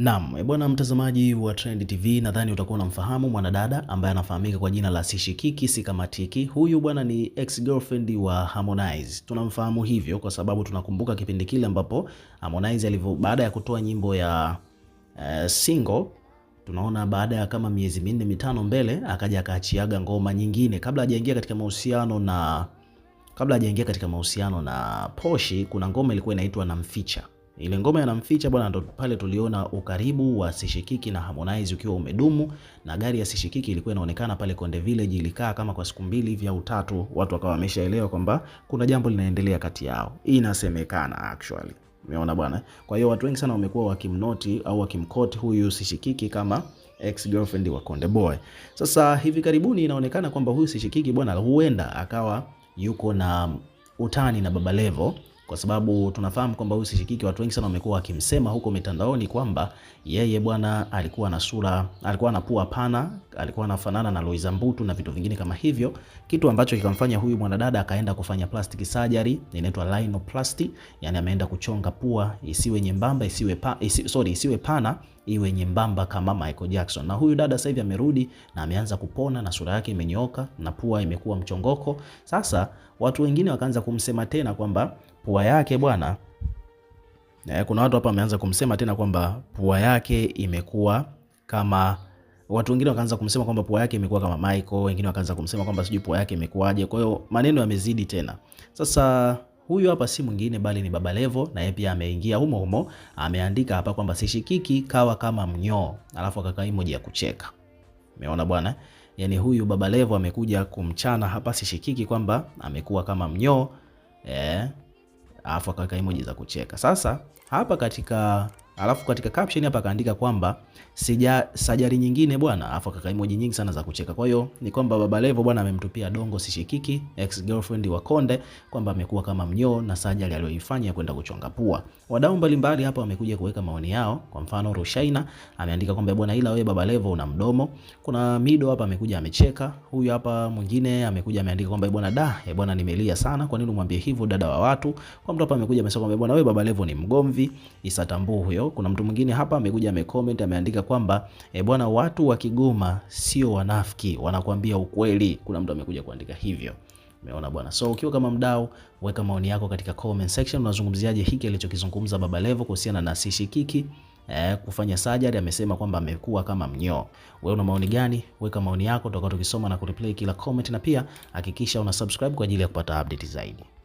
Naam, eh, bwana mtazamaji wa Trend TV, nadhani utakuwa unamfahamu mwanadada ambaye anafahamika kwa jina la Sishikiki Sikamatiki. Huyu bwana ni ex girlfriend wa Harmonize. Tunamfahamu hivyo kwa sababu tunakumbuka kipindi kile ambapo Harmonize alivyo baada ya kutoa nyimbo ya uh, single tunaona baada ya kama miezi minne mitano mbele akaja akaachiaga ngoma nyingine kabla hajaingia katika mahusiano na kabla hajaingia katika mahusiano na Poshi, kuna ngoma ilikuwa inaitwa Namficha. Ile ngoma yanamficha bwana, ndo pale tuliona ukaribu wa Sishikiki na Harmonize ukiwa umedumu, na gari ya Sishikiki ilikuwa inaonekana pale Konde Village, ilikaa kama kwa siku mbili hivi au tatu, watu wakawa wameshaelewa kwamba kuna jambo linaendelea kati yao, inasemekana actually Umeona bwana. Kwa hiyo watu wengi sana wamekuwa wakimnoti au wakimkoti huyu Sishikiki kama ex girlfriend wa Konde Boy. Sasa hivi karibuni inaonekana kwamba huyu Sishikiki bwana, huenda akawa yuko na utani na Baba Levo kwa sababu tunafahamu kwamba huyu Sishikiki watu wengi sana wamekuwa wakimsema huko mitandaoni kwamba yeye bwana alikuwa na sura, alikuwa na pua pana, alikuwa anafanana na Loiza Mbutu na vitu vingine kama hivyo, kitu ambacho kikamfanya huyu mwanadada akaenda kufanya plastic surgery, inaitwa rhinoplasty, yani ameenda kuchonga pua isiwe nyembamba, isiwe pa, isi, sorry, isiwe pana iwe nyembamba kama Michael Jackson. Na huyu dada sasa hivi amerudi na ameanza kupona na sura yake imenyooka na pua imekuwa mchongoko. Sasa watu wengine wakaanza kumsema tena kwamba pua yake bwana eh, kuna watu hapa wameanza kumsema tena kwamba pua yake imekuwa kama watu wengine wakaanza kumsema kwamba pua yake imekuwa kama Michael, wengine wakaanza kumsema kwamba sijui pua yake imekuwaje. Kwa hiyo maneno yamezidi tena sasa Huyu hapa si mwingine bali ni Baba Levo, na yeye pia ameingia humo humo, ameandika hapa kwamba sishikiki kawa kama mnyoo, alafu akakaa emoji ya kucheka. Umeona bwana? Yani huyu Baba Levo amekuja kumchana hapa sishikiki kwamba amekuwa kama mnyoo eh, alafu akakaa emoji za kucheka. Sasa hapa katika Alafu katika caption hapa akaandika kwamba sija sajari nyingine bwana, afu akaweka emoji nyingi sana za kucheka. Kwa hiyo ni kwamba Baba Levo bwana amemtupia dongo sishikiki ex girlfriend wa Konde kwamba amekuwa kama mnyoo na sajari aliyoifanya ya kwenda kuchonga pua. Wadau mbalimbali hapa wamekuja kuweka maoni yao. Kwa mfano Rushaina ameandika kwamba bwana, ila wewe Baba Levo una mdomo. Kuna Mido hapa amekuja amecheka. Huyu hapa mwingine amekuja ameandika kwamba eh, bwana, da e bwana, nimelia sana, kwa nini umwambie hivyo dada wa watu? Kwa mtu hapa amekuja amesema kwamba bwana, wewe Baba Levo ni mgomvi. Isa huyo kuna mtu mwingine hapa amekuja amecomment ameandika kwamba e, bwana watu wa Kigoma sio wanafiki, wanakuambia ukweli. Kuna mtu amekuja kuandika hivyo. Umeona bwana. So ukiwa kama mdau, weka maoni yako katika comment section. Unazungumziaje hiki alichokizungumza Baba Levo kuhusiana na Kiki eh, kufanya sajari? Amesema kwamba amekuwa kama mnyoo. Wewe una maoni gani? Weka maoni yako, tutakuwa tukisoma na kureplay kila comment, na pia hakikisha una subscribe kwa ajili ya kupata update zaidi.